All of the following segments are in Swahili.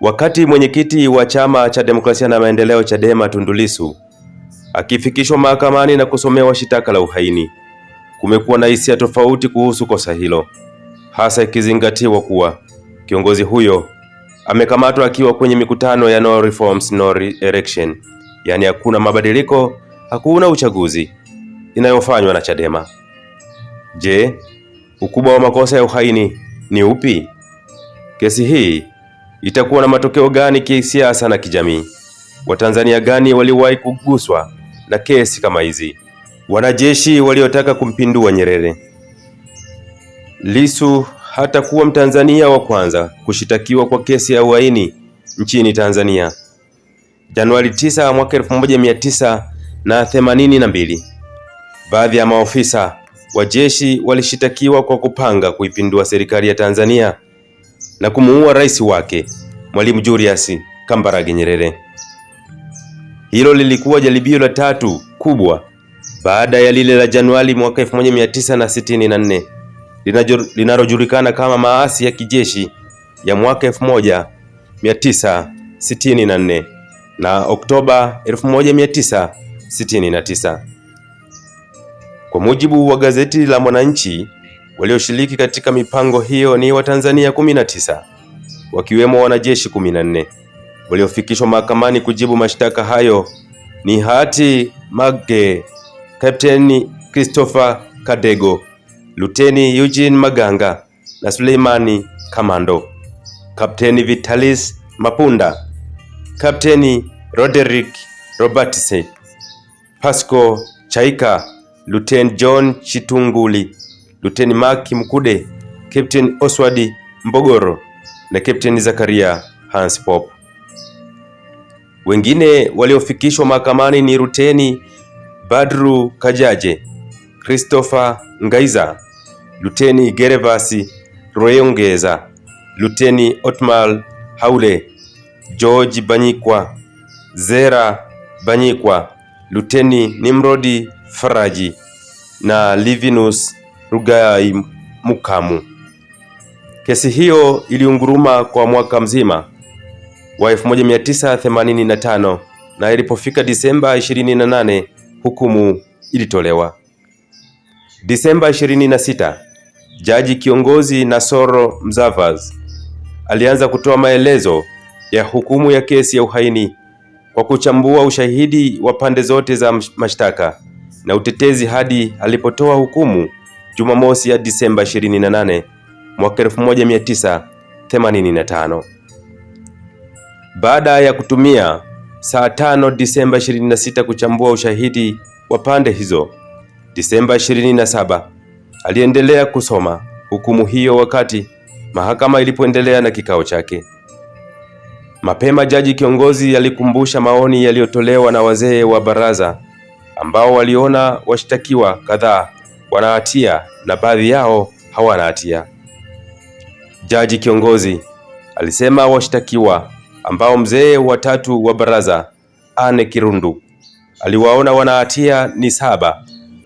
Wakati mwenyekiti wa chama cha demokrasia na maendeleo Chadema Tundu Lissu akifikishwa mahakamani na kusomewa shitaka la uhaini, kumekuwa na hisia tofauti kuhusu kosa hilo, hasa ikizingatiwa kuwa kiongozi huyo amekamatwa akiwa kwenye mikutano ya no reforms, no election, yaani hakuna mabadiliko, hakuna uchaguzi inayofanywa na Chadema. Je, ukubwa wa makosa ya uhaini ni upi? Kesi hii itakuwa na matokeo gani kisiasa na kijamii? Watanzania gani waliwahi kuguswa na kesi kama hizi? Wanajeshi waliotaka kumpindua nyerere Nyerere. hata hatakuwa Mtanzania wa kwanza kushitakiwa kwa kesi ya uhaini nchini Tanzania. Januari 9 mwaka 1982, baadhi ya maofisa wa jeshi walishitakiwa kwa kupanga kuipindua serikali ya Tanzania na kumuua rais wake Mwalimu Julius Kambarage Nyerere. Hilo lilikuwa jaribio la tatu kubwa baada ya lile la Januari mwaka 1964 linalojulikana kama maasi ya kijeshi ya mwaka 1964 na Oktoba 1969. Kwa mujibu wa gazeti la Mwananchi Walioshiriki katika mipango hiyo ni Watanzania 19 wakiwemo wanajeshi 14. Waliofikishwa mahakamani kujibu mashtaka hayo ni Hati Magge, Kapteni Christopher Kadego, Luteni Eugene Maganga na Suleimani Kamando, Kapteni Vitalis Mapunda, Kapteni Roderick Robertson, Pasco Chaika, Luteni John Chitunguli Luteni Maki Mkude, Captain Oswald Mbogoro na Captain Zakaria Hans Pop. Wengine waliofikishwa mahakamani ni Luteni Badru Kajaje, Christopher Ngaiza, Luteni Gerevasi Royongeza, Luteni Otmal Haule, George Banyikwa, Zera Banyikwa, Luteni Nimrodi Faraji na Livinus Rugai Mukamu. Kesi hiyo iliunguruma kwa mwaka mzima wa 1985 na ilipofika Disemba 28 hukumu ilitolewa. Disemba 26, jaji kiongozi Nasoro Mzavas alianza kutoa maelezo ya hukumu ya kesi ya uhaini kwa kuchambua ushahidi wa pande zote za mashtaka na utetezi hadi alipotoa hukumu Jumamosi ya Disemba 28 mwaka 1985. Baada ya kutumia saa tano Disemba 26 kuchambua ushahidi wa pande hizo, Disemba 27 aliendelea kusoma hukumu hiyo wakati mahakama ilipoendelea na kikao chake. Mapema jaji kiongozi alikumbusha maoni yaliyotolewa na wazee wa baraza ambao waliona washtakiwa kadhaa wana hatia na baadhi yao hawana hatia. Jaji kiongozi alisema washtakiwa ambao mzee wa tatu wa baraza Anne Kirundu aliwaona wana hatia ni saba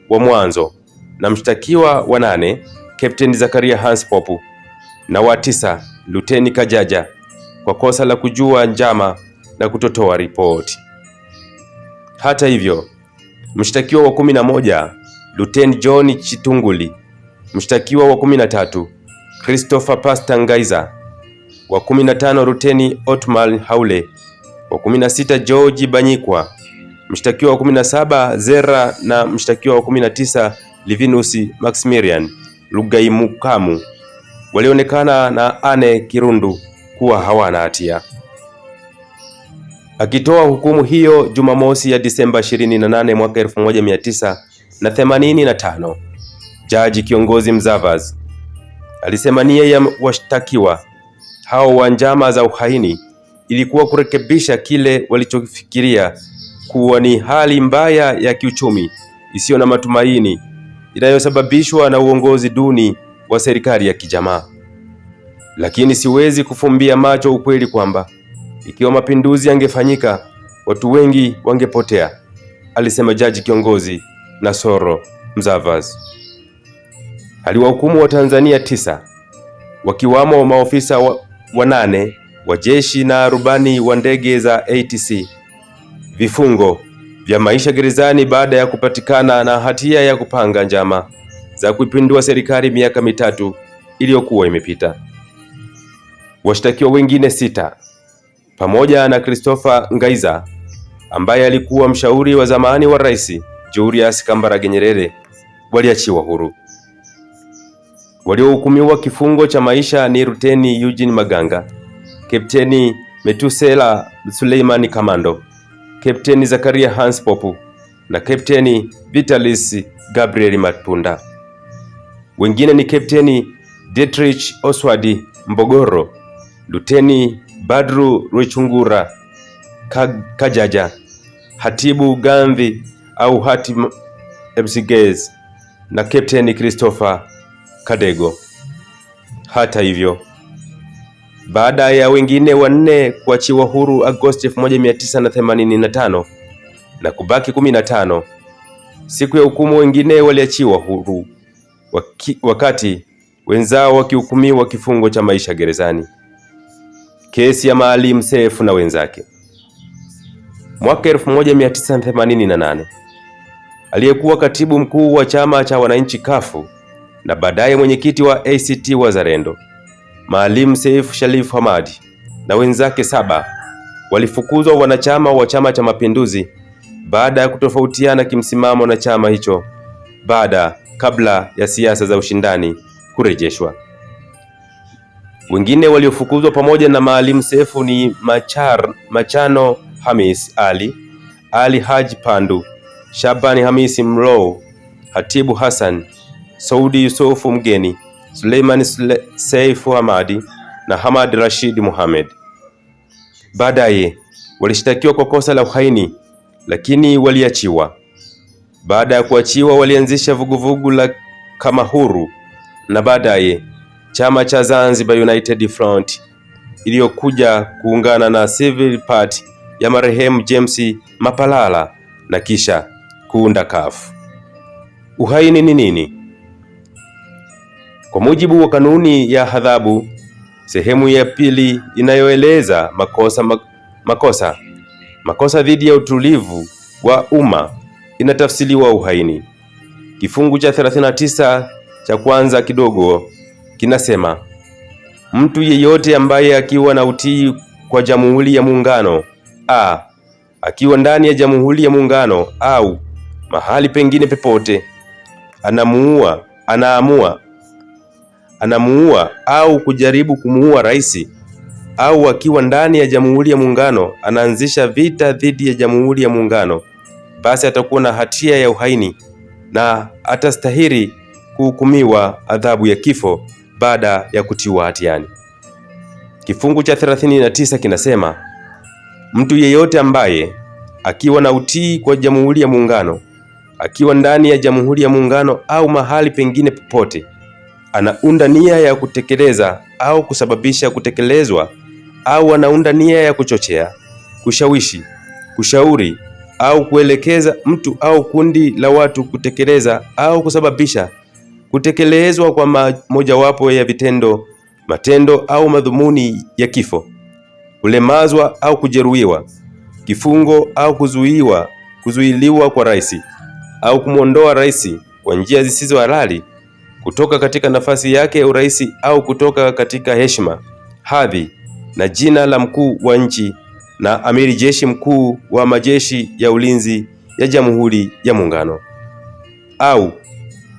wa mwanzo na mshtakiwa wa nane Captain Zakaria Popu na wa tisa Luteni Kajaja kwa kosa la kujua njama na kutotoa ripoti. Hata hivyo, mshtakiwa wa kumi na moja Luteni John Chitunguli, mshtakiwa wa 13, Christopher Ngaiza, wa 15, Luteni Otman Haule, wa 16, George Banyikwa, mshtakiwa wa 17, Zera na mshtakiwa wa 19, Livinus Maximilian Lugaimukamu walionekana na Anne Kirundu kuwa hawana hatia. Akitoa hukumu hiyo Jumamosi ya Disemba 28 mwaka na themanini na tano. Jaji kiongozi Mzavas alisema nia ya washtakiwa hao wa njama za uhaini ilikuwa kurekebisha kile walichofikiria kuwa ni hali mbaya ya kiuchumi isiyo na matumaini inayosababishwa na uongozi duni wa serikali ya kijamaa. Lakini siwezi kufumbia macho ukweli kwamba ikiwa mapinduzi yangefanyika, watu wengi wangepotea, alisema jaji kiongozi Nasoro Mzavas aliwahukumu Tanzania tisa wakiwamo maofisa wa, wanane wa jeshi na rubani wa ndege za ATC vifungo vya maisha gerezani baada ya kupatikana na hatia ya kupanga njama za kuipindua serikali miaka mitatu iliyokuwa imepita. Washtakiwa wengine sita pamoja na Christopher Ngaiza ambaye alikuwa mshauri wa zamani wa rais Julius Kambarage Nyerere waliachiwa huru. Waliohukumiwa kifungo cha maisha ni ruteni Eugene Maganga, Kapteni Metusela Suleimani Kamando, Kapteni Zakaria Hans Popu na Kapteni Vitalis Gabriel Matunda. Wengine ni Kapteni Dietrich Oswald Mbogoro, Luteni Badru Ruchungura Kajaja, Hatibu Gamvi au Hati Mcgez na Captain Christopher Kadego. Hata hivyo, baada ya wengine wanne kuachiwa huru Agosti 1985 na kubaki 15 siku ya hukumu, wengine waliachiwa huru waki, wakati wenzao wakihukumiwa kifungo cha maisha gerezani. Kesi ya Maalim Seif na wenzake mwaka 1988 aliyekuwa katibu mkuu wa chama cha wananchi kafu na baadaye mwenyekiti wa ACT Wazalendo, Maalim Seif Sharif Hamad na wenzake saba walifukuzwa wanachama wa Chama cha Mapinduzi baada ya kutofautiana kimsimamo na chama hicho baada kabla ya siasa za ushindani kurejeshwa. Wengine waliofukuzwa pamoja na Maalim Seif ni Machar, Machano Hamis Ali, Ali Haji Pandu Shabani Hamisi mlo Hatibu Hassan Saudi, Yusufu Mgeni, Suleiman Sule Seifu Hamadi na Hamad Rashid Muhammad. Baadaye walishtakiwa kwa kosa la uhaini lakini waliachiwa. Baada ya kuachiwa, walianzisha vuguvugu la kama huru na baadaye chama cha Zanzibar United Front iliyokuja kuungana na Civil Party ya marehemu James Mapalala na kisha kuunda kafu Uhaini ni nini? Kwa mujibu wa kanuni ya adhabu sehemu ya pili inayoeleza makosa makosa makosa dhidi ya utulivu wa umma inatafsiriwa uhaini. Kifungu cha 39 cha kwanza kidogo kinasema mtu yeyote ambaye akiwa na utii kwa Jamhuri ya Muungano a akiwa ndani ya Jamhuri ya Muungano au mahali pengine popote, anamuua anaamua anamuua au kujaribu kumuua rais au akiwa ndani ya Jamhuri ya Muungano anaanzisha vita dhidi ya Jamhuri ya Muungano, basi atakuwa na hatia ya uhaini na atastahili kuhukumiwa adhabu ya kifo baada ya kutiwa hatiani. Kifungu cha 39 kinasema mtu yeyote ambaye akiwa na utii kwa Jamhuri ya Muungano akiwa ndani ya Jamhuri ya Muungano au mahali pengine popote, anaunda nia ya kutekeleza au kusababisha kutekelezwa, au anaunda nia ya kuchochea, kushawishi, kushauri au kuelekeza mtu au kundi la watu kutekeleza au kusababisha kutekelezwa kwa mojawapo ya vitendo, matendo au madhumuni ya kifo, kulemazwa au kujeruhiwa, kifungo au kuzuiwa, kuzuiliwa kwa rahisi au kumwondoa rais kwa njia zisizo halali kutoka katika nafasi yake ya urais au kutoka katika heshima, hadhi na jina la mkuu wa nchi na amiri jeshi mkuu wa majeshi ya ulinzi ya Jamhuri ya Muungano au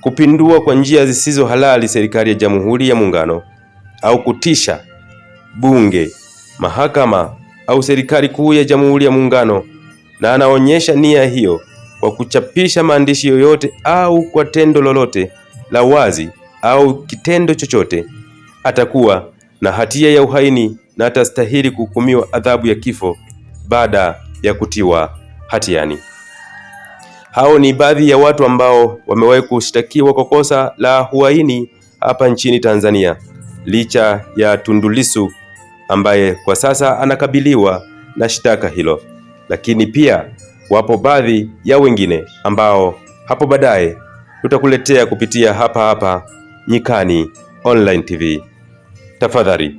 kupindua kwa njia zisizo halali serikali ya Jamhuri ya Muungano au kutisha bunge, mahakama au serikali kuu ya Jamhuri ya Muungano na anaonyesha nia hiyo kwa kuchapisha maandishi yoyote au kwa tendo lolote la wazi au kitendo chochote, atakuwa na hatia ya uhaini na atastahili kuhukumiwa adhabu ya kifo baada ya kutiwa hatiani. Hao ni baadhi ya watu ambao wamewahi kushtakiwa kwa kosa la uhaini hapa nchini Tanzania, licha ya Tundu Lissu ambaye kwa sasa anakabiliwa na shtaka hilo, lakini pia wapo baadhi ya wengine ambao hapo baadaye tutakuletea kupitia hapa hapa Nyikani Online TV. Tafadhali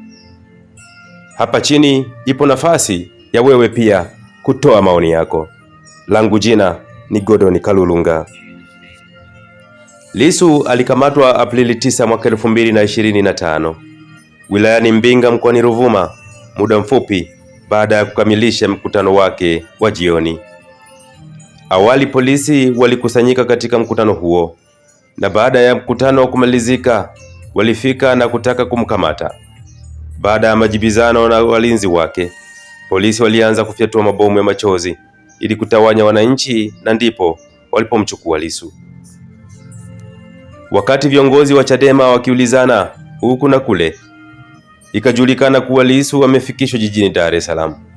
hapa chini ipo nafasi ya wewe pia kutoa maoni yako. Langu jina ni Godoni Kalulunga. Lisu alikamatwa Aprili 9 mwaka 2025 wilayani Mbinga mkoani Ruvuma muda mfupi baada ya kukamilisha mkutano wake wa jioni. Awali polisi walikusanyika katika mkutano huo, na baada ya mkutano kumalizika, walifika na kutaka kumkamata. Baada ya majibizano na walinzi wake, polisi walianza kufyatua mabomu ya machozi ili kutawanya wananchi, na ndipo walipomchukua Lissu. Wakati viongozi wa Chadema wakiulizana huku na kule, ikajulikana kuwa Lissu amefikishwa jijini Dar es Salaam.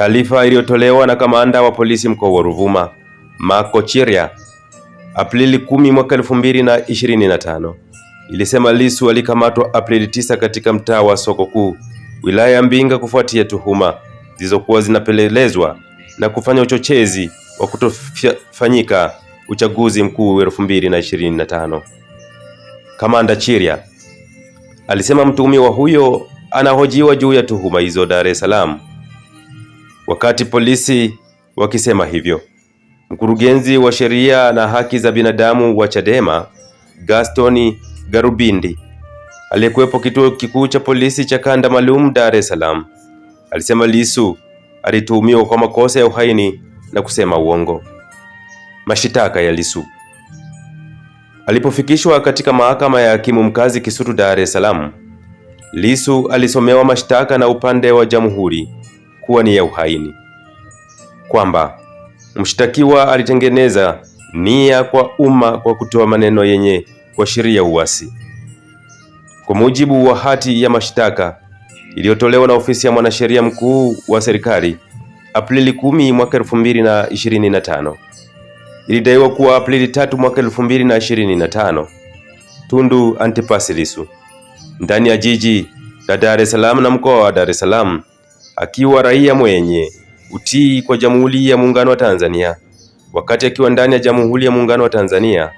Taarifa iliyotolewa na kamanda wa polisi mkoa wa Ruvuma Marco Chiria Aprili 10 mwaka 2025 ilisema Lissu alikamatwa Aprili 9 katika mtaa wa soko kuu wilaya ya Mbinga kufuatia tuhuma zilizokuwa zinapelelezwa na kufanya uchochezi wa kutofanyika uchaguzi mkuu 2025. Kamanda Chiria alisema mtuhumiwa huyo anahojiwa juu ya tuhuma hizo Dar es Salaam Wakati polisi wakisema hivyo, mkurugenzi wa sheria na haki za binadamu wa Chadema gastoni Garubindi aliyekuwepo kituo kikuu cha polisi cha kanda maalum Dar es Salaam alisema Lissu alituhumiwa kwa makosa ya uhaini na kusema uongo. Mashitaka ya Lissu alipofikishwa katika mahakama ya hakimu mkazi Kisutu Dar es Salaam, Lissu alisomewa mashtaka na upande wa jamhuri kuwa ni ya uhaini, kwamba mshtakiwa alitengeneza nia kwa umma kwa kutoa maneno yenye kuashiria uasi. Kwa mujibu wa hati ya mashtaka iliyotolewa na ofisi ya mwanasheria mkuu wa serikali Aprili kumi mwaka elfu mbili na ishirini na tano ilidaiwa kuwa Aprili tatu mwaka elfu mbili na ishirini na tano Tundu Antipasilisu ndani ya jiji la Dar es Salaam na mkoa wa Dar es Salaam akiwa raia mwenye utii kwa Jamhuri ya Muungano wa Tanzania. Wakati akiwa ndani ya Jamhuri ya Muungano wa Tanzania,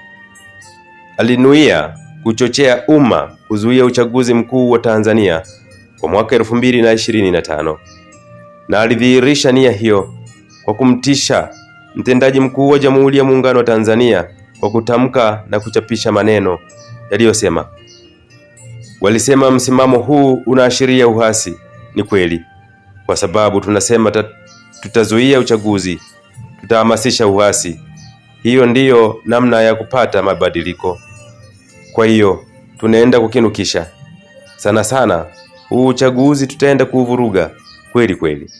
alinuia kuchochea umma kuzuia uchaguzi mkuu wa Tanzania kwa mwaka 2025 na na na alidhihirisha nia hiyo kwa kumtisha mtendaji mkuu wa Jamhuri ya Muungano wa Tanzania kwa kutamka na kuchapisha maneno yaliyosema, walisema msimamo huu unaashiria uhasi. Ni kweli kwa sababu tunasema tutazuia uchaguzi, tutahamasisha uasi. Hiyo ndiyo namna ya kupata mabadiliko. Kwa hiyo tunaenda kukinukisha sana sana, huu uchaguzi tutaenda kuuvuruga kweli kweli,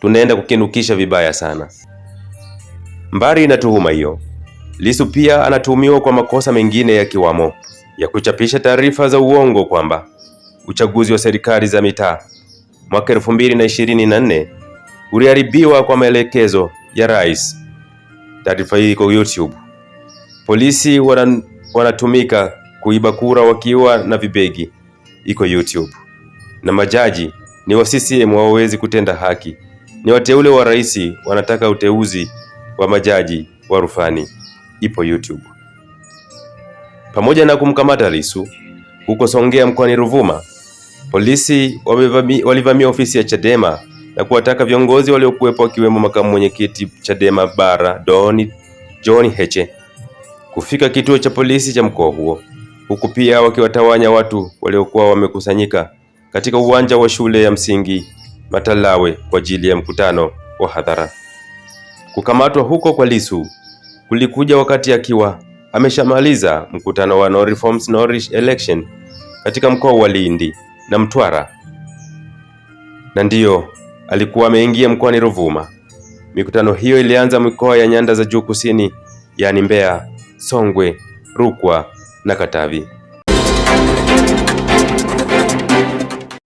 tunaenda kukinukisha vibaya sana. Mbali na tuhuma hiyo, lisu pia anatuhumiwa kwa makosa mengine yakiwamo ya kuchapisha taarifa za uongo kwamba uchaguzi wa serikali za mitaa mwaka nne uliharibiwa kwa maelekezo ya rais. Taarifa hii iko YouTube. Polisi wanatumika kuiba kura wakiwa na vibegi, iko YouTube. Na majaji ni wa CCM hawawezi kutenda haki, ni wateule wa rais, wanataka uteuzi wa majaji wa rufani, ipo YouTube. Pamoja na kumkamata Lissu huko Songea mkoani Ruvuma. Polisi walivamia ofisi ya Chadema na kuwataka viongozi waliokuwepo wakiwemo makamu mwenyekiti Chadema bara Doni John Heche kufika kituo cha polisi cha mkoa huo, huku pia wakiwatawanya watu waliokuwa wamekusanyika katika uwanja wa shule ya msingi Matalawe kwa ajili ya mkutano wa hadhara. Kukamatwa huko kwa lisu kulikuja wakati akiwa ameshamaliza mkutano wa no reforms, no election katika mkoa wa Lindi na Mtwara, na ndiyo alikuwa ameingia mkoani Ruvuma. Mikutano hiyo ilianza mikoa ya nyanda za juu kusini, yaani Mbeya, Songwe, Rukwa na Katavi.